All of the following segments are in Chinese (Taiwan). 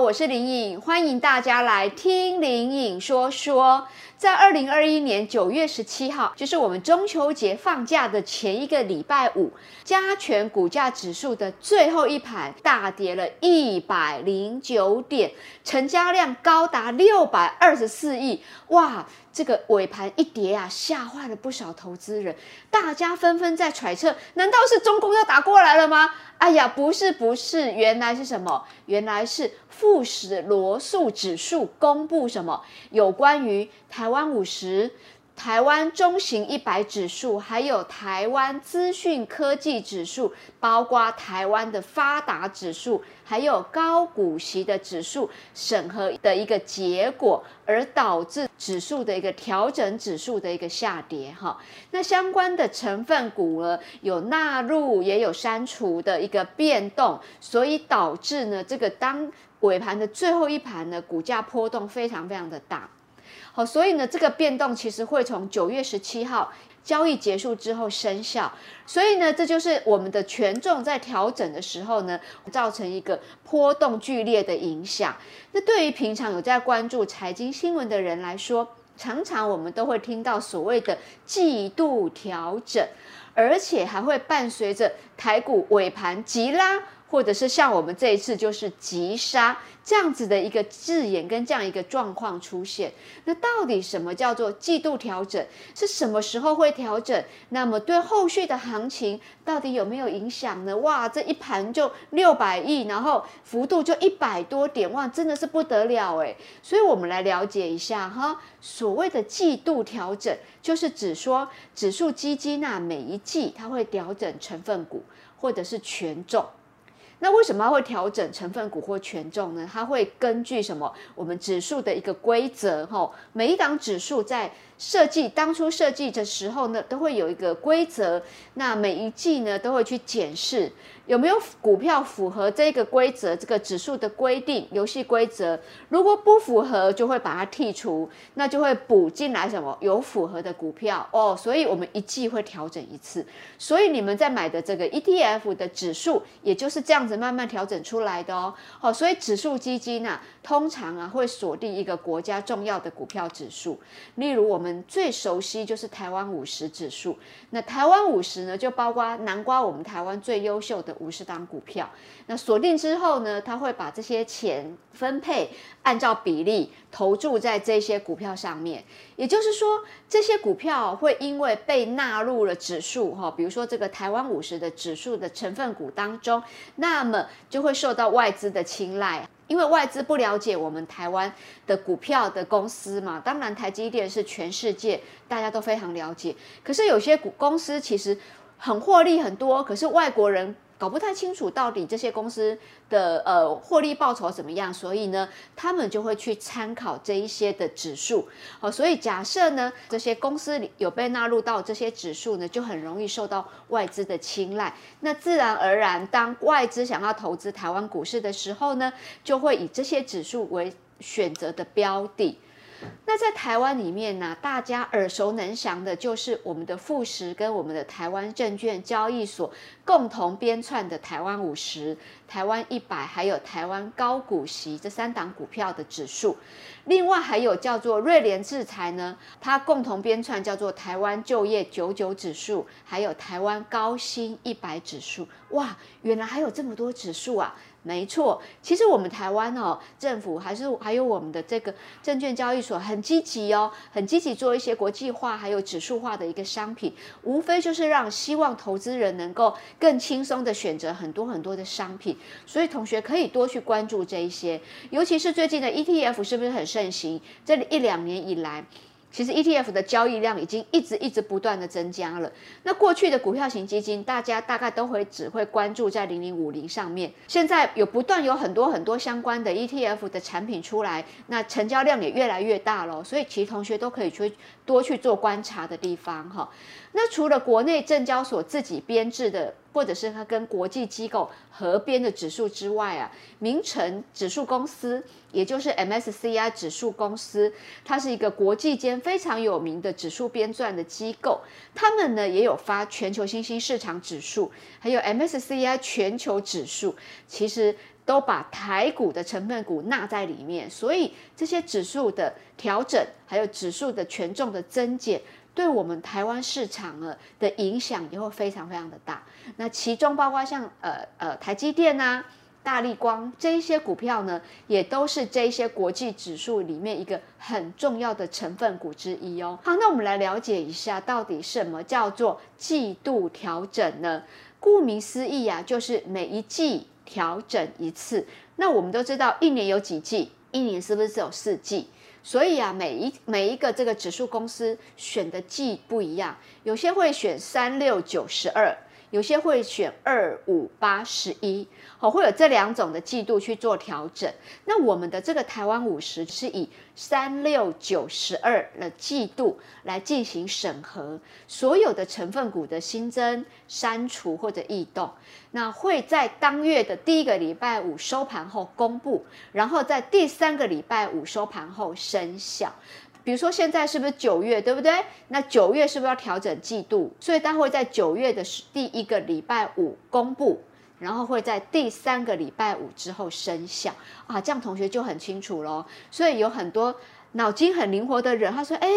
我是林穎，歡迎大家來聽林穎說說。在二零二一年九月十七號，就是我們中秋節放假的前一個禮拜五，加權股價指數的最後一盤大跌了一百零九點，成交量高達六百二十四億。哇，這個尾盤一跌啊，嚇壞了不少投資人，大家紛紛在揣測：難道是中共要打過來了嗎？哎呀，不是不是，原來是什麼？原來是富。富時羅素指數公布什麼，有關於台灣五十、台灣中型一百指數，還有台灣資訊科技指數，包括台灣的發達指數，還有高股息的指數審核的一個結果，而導致指數的一個調整，指數的一個下跌哈。那相關的成分股呢，有納入也有刪除的一個變動，所以導致呢，這個當尾盤的最後一盤呢，股價波動非常非常的大。哦，所以呢，這個變動其實會從九月十七號交易結束之後生效。所以呢，這就是我們的權重在調整的時候呢，造成一個波動劇烈的影響。那對於平常有在關注財經新聞的人來說，常常我們都會聽到所謂的季度調整，而且還會伴隨着台股尾盤急拉。或者是像我們這一次就是急殺這樣子的一個字眼跟這樣一個狀況出現，那到底什麼叫做季度調整？是什麼時候會調整？那麼對後續的行情到底有沒有影響呢？哇，這一盤就六百億，然後幅度就一百多點，哇，真的是不得了誒！所以我們來了解一下哈，所謂的季度調整，就是指說指數基金吶，每一季它會調整成分股或者是權重。那為什麼它會調整成分股或權重呢？它會根據什麼？我們指數的一個規則，吼，每一檔指數在設計當初設計的時候呢，都會有一個規則。那每一季呢，都會去檢視有沒有股票符合這個規則、這個指數的規定、遊戲規則。如果不符合，就會把它剔除，那就會補進來什麼有符合的股票哦。所以我們一季會調整一次。所以你們在買的這個 ETF 的指數，也就是這樣子慢慢調整出來的哦、喔。哦，所以指數基金啊，通常啊會鎖定一個國家重要的股票指數，例如我們。最熟悉就是台灣五十指數，那台灣五十呢，就包括囊括我們台灣最優秀的五十檔股票。那鎖定之後呢，它會把這些錢分配，按照比例投注在這些股票上面，也就是說，這些股票會因為被納入了指數，哈，比如說這個台灣五十的指數的成分股當中，那麼就會受到外資的青睞，因為外資不了解我們台灣的股票的公司嘛，當然台積電是全世界大家都非常了解，可是有些股公司其實很獲利很多，可是外國人。搞不太清楚到底這些公司的呃獲利報酬怎麼樣，所以呢，他們就會去參考這一些的指數。好、哦，所以假設呢，這些公司有被納入到這些指數呢，就很容易受到外資的青睞。那自然而然，當外資想要投資台灣股市的時候呢，就會以這些指數為選擇的標的。那在台灣裡面呢、啊，大家耳熟能詳的就是我們的富時跟我們的台灣證券交易所，共同編撰的台灣五十、台灣一百，還有台灣高股息這三檔股票的指數，另外還有叫做瑞聯制裁呢，它共同編撰叫做台灣就業九九指數，還有台灣高薪一百指數。哇，原來還有這麼多指數啊！沒錯，其實我們台灣哦、喔，政府還是還有我們的這個證券交易所很積極哦，很積極做一些國際化還有指數化的一個商品，無非就是讓希望投資人能夠。更輕鬆的選擇很多很多的商品，所以同學可以多去關注這一些，尤其是最近的 ETF 是不是很盛行？這一兩年以來，其實 ETF 的交易量已經一直一直不斷的增加了。那過去的股票型基金，大家大概都會只會關注在零零五零上面，現在有不斷有很多很多相關的 ETF 的產品出來，那成交量也越來越大囉，所以其實同學都可以去多去做觀察的地方哈。那除了國內證交所自己編制的。或者是它跟國際機構合編的指數之外啊，明晟指數公司，也就是 MSCI 指數公司，它是一個國際間非常有名的指數編撰的機構，他們呢也有發全球新興市場指數，還有 MSCI 全球指數，其實都把台股的成分股納在裡面，所以這些指數的調整，還有指數的權重的增減。對我們台灣市場呢，的影響也會非常非常的大，那其中包括像呃呃台積電啊、大立光這一些股票呢，也都是這一些國際指數裡面一個很重要的成分股之一哦。好，那我們來了解一下到底什麼叫做季度調整呢？顧名思義呀、啊，就是每一季調整一次。那我們都知道一年有幾季？一年是不是只有四季？所以啊，每一每一個這個指數公司選的季不一樣，有些會選三六九十二。有些會選二五八十一，好，會有這兩種的季度去做調整。那我們的這個台灣五十是以三六九十二的季度來進行審核，所有的成分股的新增、刪除或者異動，那會在當月的第一個禮拜五收盤後公布，然後在第三個禮拜五收盤後生效。比如說現在是不是九月，對不對？那九月是不是要調整季度？所以他會在九月的第一個禮拜五公布，然後會在第三個禮拜五之後生效啊，這樣同學就很清楚嘍。所以有很多腦筋很靈活的人，他說：“哎、欸，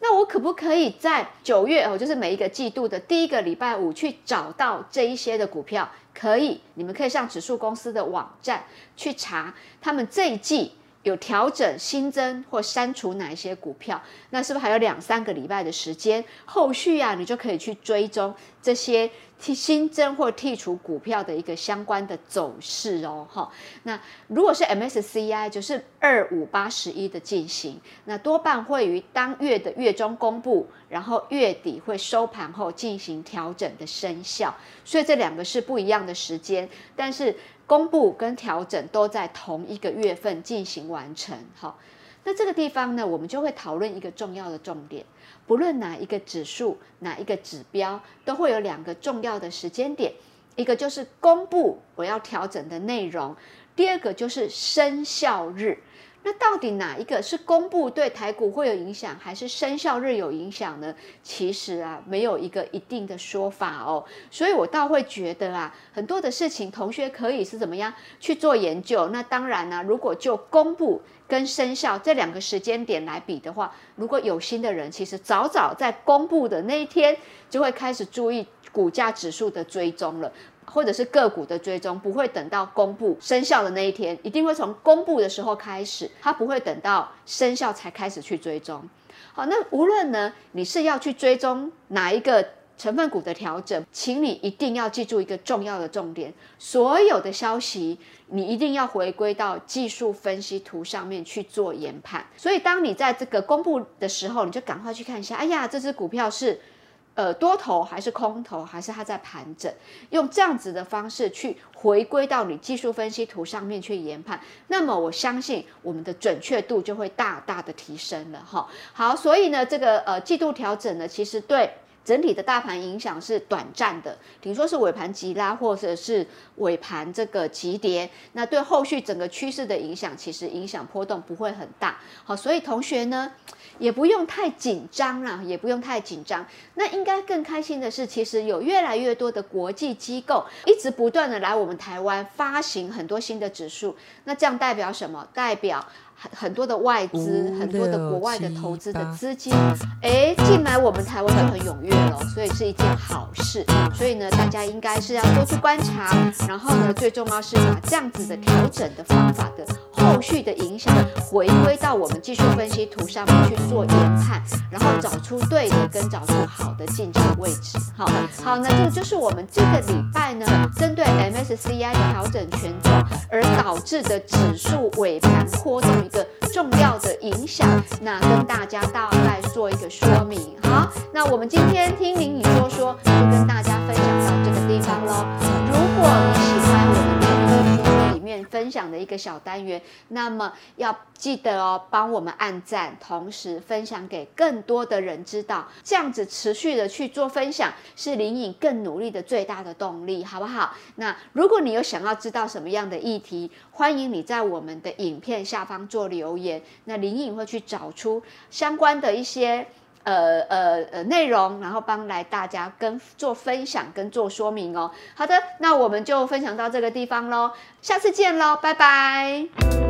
那我可不可以在九月哦，就是每一個季度的第一個禮拜五去找到這一些的股票？可以，你們可以上指數公司的網站去查他們這一季。”有調整、新增或刪除哪一些股票？那是不是還有兩三個禮拜的時間？後續啊，你就可以去追蹤這些。去新增或剔除股票的一個相關的走勢哦，哈。那如果是 MSCI，就是二五八十一的進行，那多半會於當月的月中公布，然後月底會收盤後進行調整的生效。所以這兩個是不一樣的時間，但是公布跟調整都在同一個月份進行完成。好，那這個地方呢，我們就會討論一個重要的重點。不論哪一個指數、哪一個指標，都會有兩個重要的時間點，一個就是公布我要調整的內容，第二個就是生效日。那到底哪一個是公布對台股會有影響，還是生效日有影響呢？其實啊，沒有一個一定的說法哦。所以我倒會覺得啊，很多的事情，同學可以是怎麼樣去做研究。那當然呢、啊，如果就公布跟生效這兩個時間點來比的話，如果有心的人，其實早早在公布的那一天就會開始注意股價指數的追蹤了。或者是個股的追蹤，不會等到公布生效的那一天，一定會從公布的時候開始，它不會等到生效才開始去追蹤。好，那無論呢，你是要去追蹤哪一個成分股的調整，請你一定要記住一個重要的重點：所有的消息，你一定要回歸到技術分析圖上面去做研判。所以，當你在這個公布的時候，你就趕快去看一下，哎呀，這只股票是。呃，多頭還是空頭，還是它在盤整，用這樣子的方式去回歸到你技術分析圖上面去研判，那麼我相信我們的準確度就會大大的提升了哈。好，所以呢，這個呃季度調整呢，其實對。整體的大盤影響是短暫的，比如說是尾盤急拉或者是尾盤這個急跌，那對後續整個趨勢的影響其實影響波動不會很大。好，所以同學呢也不用太緊張啦，也不用太緊張。那應該更開心的是，其實有越來越多的國際機構一直不斷的來我們台灣發行很多新的指數，那這樣代表什麼？代表很很多的外資，很多的國外的投資的資金，八八誒進來，我們台灣就很踴躍了，所以是一件好事，嗯。所以呢，大家應該是要多去觀察，然後呢，最重要是把這樣子的調整的方法的。後續的影響，回歸到我們技術分析圖上面去做研判，然後找出對的跟找出好的進場位置。好，好，那這個就是我們這個禮拜呢，針對 MSCI 的調整權重而導致的指數尾盤波動一個重要的影響，那跟大家大概做一個說明。好，那我們今天聽林穎說說，就跟大家分享到這個地方嘍。如果你喜歡我。分享的一個小單元，那麼要記得哦，幫我們按讚，同時分享給更多的人知道，這樣子持續的去做分享，是林穎更努力的最大的動力，好不好？那如果你有想要知道什麼樣的議題，歡迎你在我們的影片下方做留言，那林穎會去找出相關的一些。呃呃呃，內容，然後幫來大家跟做分享跟做說明哦。好的，那我們就分享到這個地方嘍，下次見嘍，拜拜。